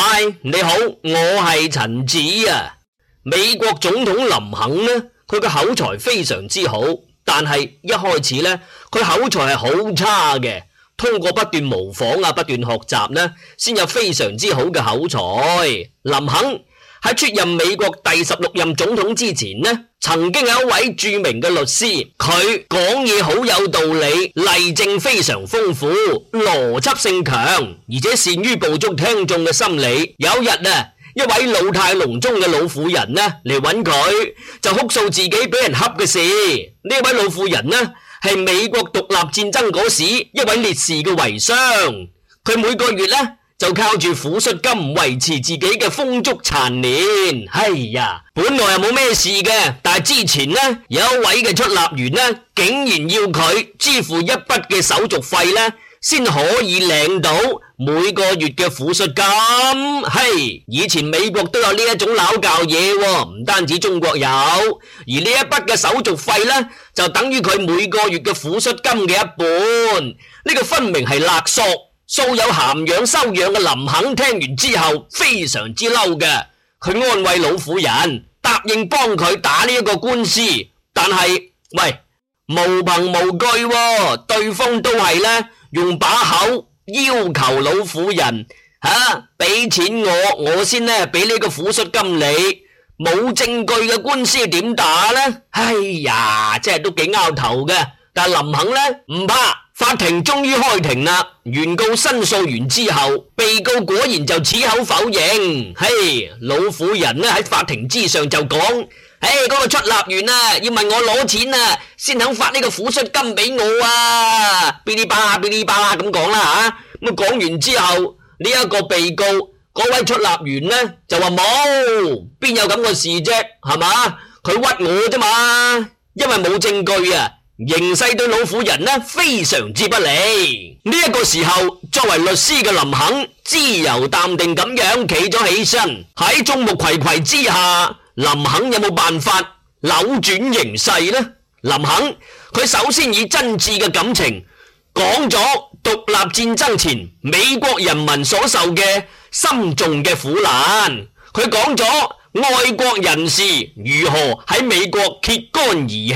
嗨，Hi, 你好，我係陳子啊。美國總統林肯呢，佢嘅口才非常之好，但係一開始呢，佢口才係好差嘅。通過不斷模仿啊，不斷學習呢，先有非常之好嘅口才。林肯。喺出任美國第十六任總統之前呢，曾經有一位著名嘅律師，佢講嘢好有道理，例證非常豐富，邏輯性強，而且善於捕捉聽眾嘅心理。有一日啊，一位老態龍鐘嘅老婦人呢嚟揾佢，就哭訴自己俾人恰嘅事。呢位老婦人呢係美國獨立戰爭嗰時一位烈士嘅遺孀，佢每個月呢，就靠住撫恤金維持自己嘅風燭殘年。哎呀，本來又冇咩事嘅，但係之前呢有一位嘅出納員呢，竟然要佢支付一筆嘅手續費呢，先可以領到每個月嘅撫恤金。嘿，以前美國都有呢一種老舊嘢，唔單止中國有，而呢一筆嘅手續費呢，就等於佢每個月嘅撫恤金嘅一半。呢個分明係勒索。素有涵養修養嘅林肯聽完之後非常之嬲嘅，佢安慰老婦人，答應幫佢打呢一個官司，但係喂無憑無據，對方都係咧用把口要求老婦人吓俾錢我，我先咧俾呢個撫恤金你，冇證據嘅官司點打咧？哎呀，真係都幾拗頭嘅，但係林肯咧唔怕。法庭終於開庭啦！原告申訴完之後，被告果然就矢口否認。嘿，老婦人呢？喺法庭之上就講：嘿，嗰、那個出納員啊，要問我攞錢啊，先肯發呢個撫恤金俾我啊！嗶哩吧啦，嗶哩吧啦咁講啦吓，咁、啊、講完之後，呢、這、一個被告嗰位出納員呢，就話冇，邊有咁個事啫、啊，係嘛？佢屈我啫嘛，因為冇證據啊。形勢對老婦人呢非常之不利。呢、這、一個時候，作為律師嘅林肯，自由淡定咁樣企咗起身，喺眾目睽睽之下，林肯有冇辦法扭轉形勢呢？林肯佢首先以真摯嘅感情講咗獨立戰爭前美國人民所受嘅深重嘅苦難。佢講咗愛國人士如何喺美國揭竿而起，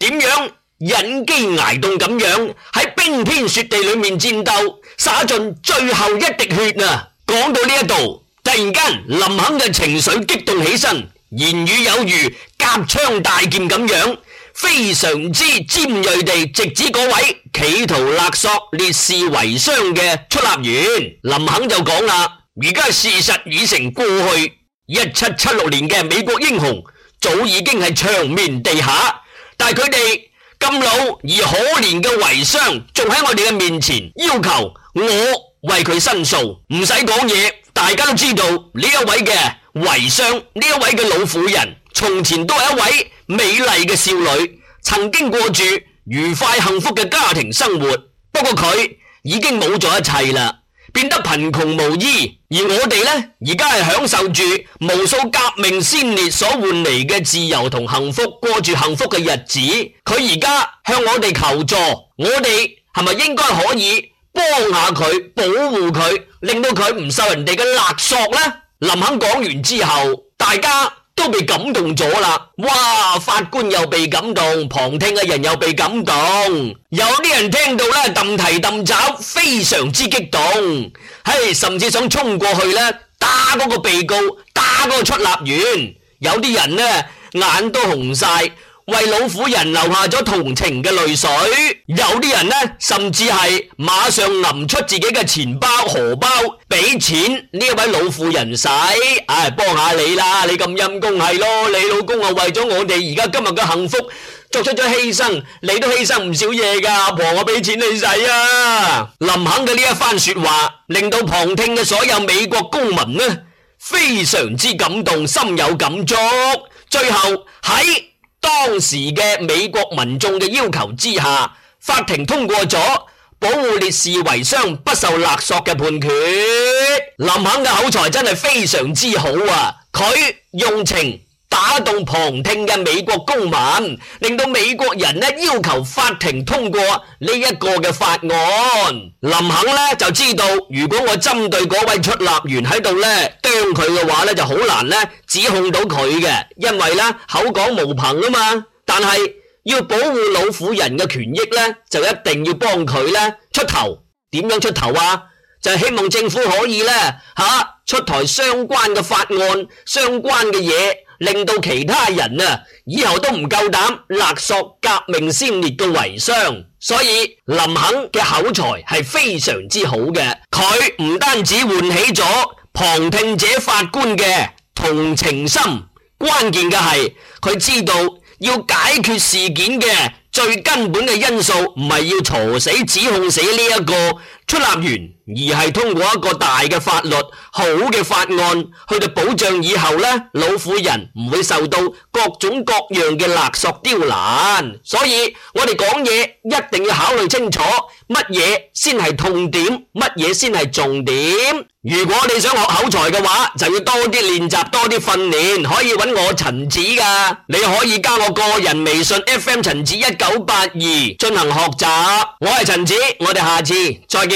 點樣？忍飢捱凍咁樣喺冰天雪地裏面戰鬥，灑盡最後一滴血啊！講到呢一度，突然間林肯嘅情緒激動起身，言語有如夾槍帶劍咁樣，非常之尖銳地直指嗰位企圖勒索烈士遺孀嘅出納員。林肯就講啦：而家事實已成過去，一七七六年嘅美國英雄早已經係長眠地下，但係佢哋。咁老而可憐嘅遺孀仲喺我哋嘅面前要求我為佢申訴，唔使講嘢，大家都知道呢一位嘅遺孀，呢一位嘅老婦人，從前都係一位美麗嘅少女，曾經過住愉快幸福嘅家庭生活，不過佢已經冇咗一切啦。變得貧窮無依，而我哋呢，而家係享受住無數革命先烈所換嚟嘅自由同幸福，過住幸福嘅日子。佢而家向我哋求助，我哋係咪應該可以幫下佢，保護佢，令到佢唔受人哋嘅勒索呢？林肯講完之後，大家都被感動咗啦！哇，法官又被感動，旁聽嘅人又被感動。有啲人聽到呢，揼提揼爪，非常之激動，嘿，甚至想沖過去呢，打嗰個被告，打嗰個出納員。有啲人呢，眼都紅晒。為老婦人流下咗同情嘅淚水，有啲人呢，甚至係馬上揜出自己嘅錢包荷包，俾錢呢位老婦人使。唉、哎，幫下你啦，你咁陰功，係咯，你老公啊，為咗我哋而家今日嘅幸福作出咗犧牲，你都犧牲唔少嘢噶，阿婆我俾錢你使啊。林肯嘅呢一番說話，令到旁聽嘅所有美國公民呢，非常之感動，心有感觸。最後喺。當時嘅美國民眾嘅要求之下，法庭通過咗保護烈士遺孀不受勒索嘅判決。林肯嘅口才真係非常之好啊！佢用情。打動旁聽嘅美國公民，令到美國人呢要求法庭通過呢一個嘅法案。林肯呢就知道，如果我針對嗰位出納員喺度呢，將佢嘅話呢就好難呢指控到佢嘅，因為呢口講無憑啊嘛。但係要保護老婦人嘅權益呢，就一定要幫佢呢出頭。點樣出頭啊？就希望政府可以呢吓、啊、出台相關嘅法案、相關嘅嘢，令到其他人啊以後都唔夠膽勒索革命先烈嘅遺孀。所以林肯嘅口才係非常之好嘅，佢唔單止喚起咗旁聽者法官嘅同情心，關鍵嘅係佢知道要解決事件嘅最根本嘅因素，唔係要嘈死、指控死呢、這、一個。出立完，而係通過一個大嘅法律、好嘅法案去到保障以後呢，老婦人唔會受到各種各樣嘅勒索刁難。所以我哋講嘢一定要考慮清楚，乜嘢先係痛點，乜嘢先係重點。如果你想學口才嘅話，就要多啲練習，多啲訓練。可以揾我陳子噶，你可以加我個人微信 fm 陳子一九八二進行學習。我係陳子，我哋下次再見。